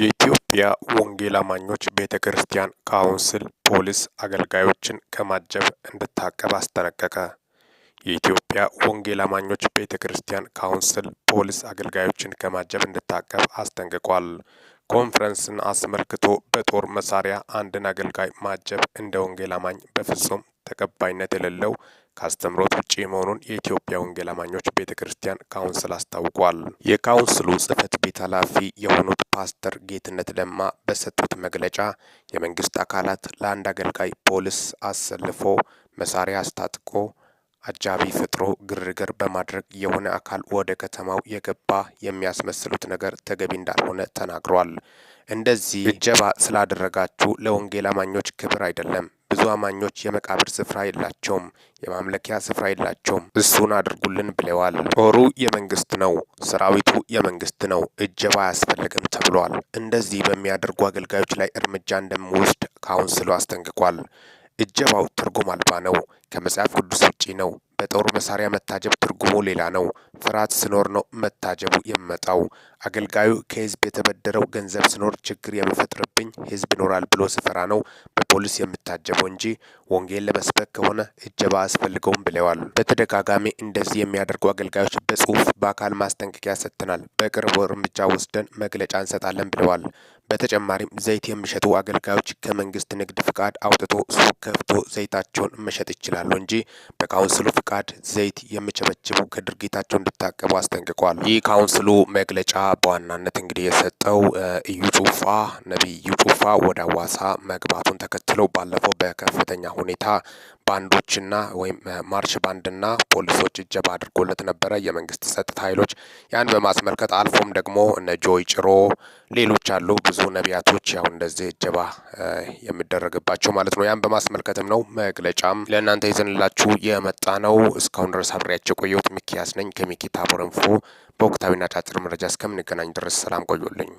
የኢትዮጵያ ወንጌል አማኞች ቤተ ክርስቲያን ካውንስል ፖሊስ አገልጋዮችን ከማጀብ እንድታቀብ አስጠነቀቀ። የኢትዮጵያ ወንጌል አማኞች ቤተ ክርስቲያን ካውንስል ፖሊስ አገልጋዮችን ከማጀብ እንድታቀብ አስጠንቅቋል። ኮንፈረንስን አስመልክቶ በጦር መሳሪያ አንድን አገልጋይ ማጀብ እንደ ወንጌል አማኝ በፍጹም ተቀባይነት የሌለው ከአስተምሮት ውጭ መሆኑን የኢትዮጵያ ወንጌል አማኞች ቤተ ክርስቲያን ካውንስል አስታውቋል። የካውንስሉ ጽህፈት ቤት ኃላፊ የሆኑት ፓስተር ጌትነት ለማ በሰጡት መግለጫ የመንግስት አካላት ለአንድ አገልጋይ ፖሊስ አሰልፎ መሳሪያ አስታጥቆ አጃቢ ፈጥሮ ግርግር በማድረግ የሆነ አካል ወደ ከተማው የገባ የሚያስመስሉት ነገር ተገቢ እንዳልሆነ ተናግሯል። እንደዚህ እጀባ ስላደረጋችሁ ለወንጌል አማኞች ክብር አይደለም፣ ብዙ አማኞች የመቃብር ስፍራ የላቸውም፣ የማምለኪያ ስፍራ የላቸውም፣ እሱን አድርጉልን ብለዋል። ጦሩ የመንግስት ነው፣ ሰራዊቱ የመንግስት ነው፣ እጀባ አያስፈልግም ተብሏል። እንደዚህ በሚያደርጉ አገልጋዮች ላይ እርምጃ እንደምወስድ ካውንስሉ አስጠንቅቋል። እጀባው ትርጉም አልባ ነው፣ ከመጽሐፍ ቅዱስ ውጪ ነው። በጦር መሳሪያ መታጀብ ትርጉሙ ሌላ ነው። ፍርሃት ስኖር ነው መታጀቡ የሚመጣው። አገልጋዩ ከህዝብ የተበደረው ገንዘብ ስኖር ችግር የሚፈጥርብኝ ህዝብ ይኖራል ብሎ ስፈራ ነው በፖሊስ የምታጀበው እንጂ ወንጌል ለመስበክ ከሆነ እጀባ አስፈልገውም ብለዋል። በተደጋጋሚ እንደዚህ የሚያደርጉ አገልጋዮች በጽሁፍ በአካል ማስጠንቀቂያ ሰጥተናል፣ በቅርቡ እርምጃ ወስደን መግለጫ እንሰጣለን ብለዋል። በተጨማሪም ዘይት የሚሸጡ አገልጋዮች ከመንግስት ንግድ ፍቃድ አውጥቶ ሱቅ ከፍቶ ዘይታቸውን መሸጥ ይችላሉ እንጂ በካውንስሉ ፍቃድ ዘይት የሚቸበችቡ ከድርጊታቸው እንዲታቀቡ አስጠንቅቋል። ይህ ካውንስሉ መግለጫ በዋናነት እንግዲህ የሰጠው እዩ ጩፋ ነቢይ እዩ ጩፋ ወደ አዋሳ መግባቱን ተከትለው ባለፈው በከፍተኛ ሁኔታ ባንዶችና ወይም ማርሽ ባንድና ፖሊሶች እጀባ አድርጎለት ነበረ። የመንግስት ጸጥታ ኃይሎች ያን በማስመልከት አልፎም ደግሞ እነ ጆይ ጭሮ ሌሎች አሉ ብዙ ነቢያቶች ያው እንደዚህ እጀባ የሚደረግባቸው ማለት ነው። ያን በማስመልከትም ነው መግለጫም ለእናንተ ይዘንላችሁ የመጣ ነው። እስካሁን ድረስ አብሬያቸው የቆየሁት ሚኪያስ ነኝ ከሚኪ ታቦር ኢንፎ። በወቅታዊና አጫጭር መረጃ እስከምንገናኝ ድረስ ሰላም ቆዩልኝ።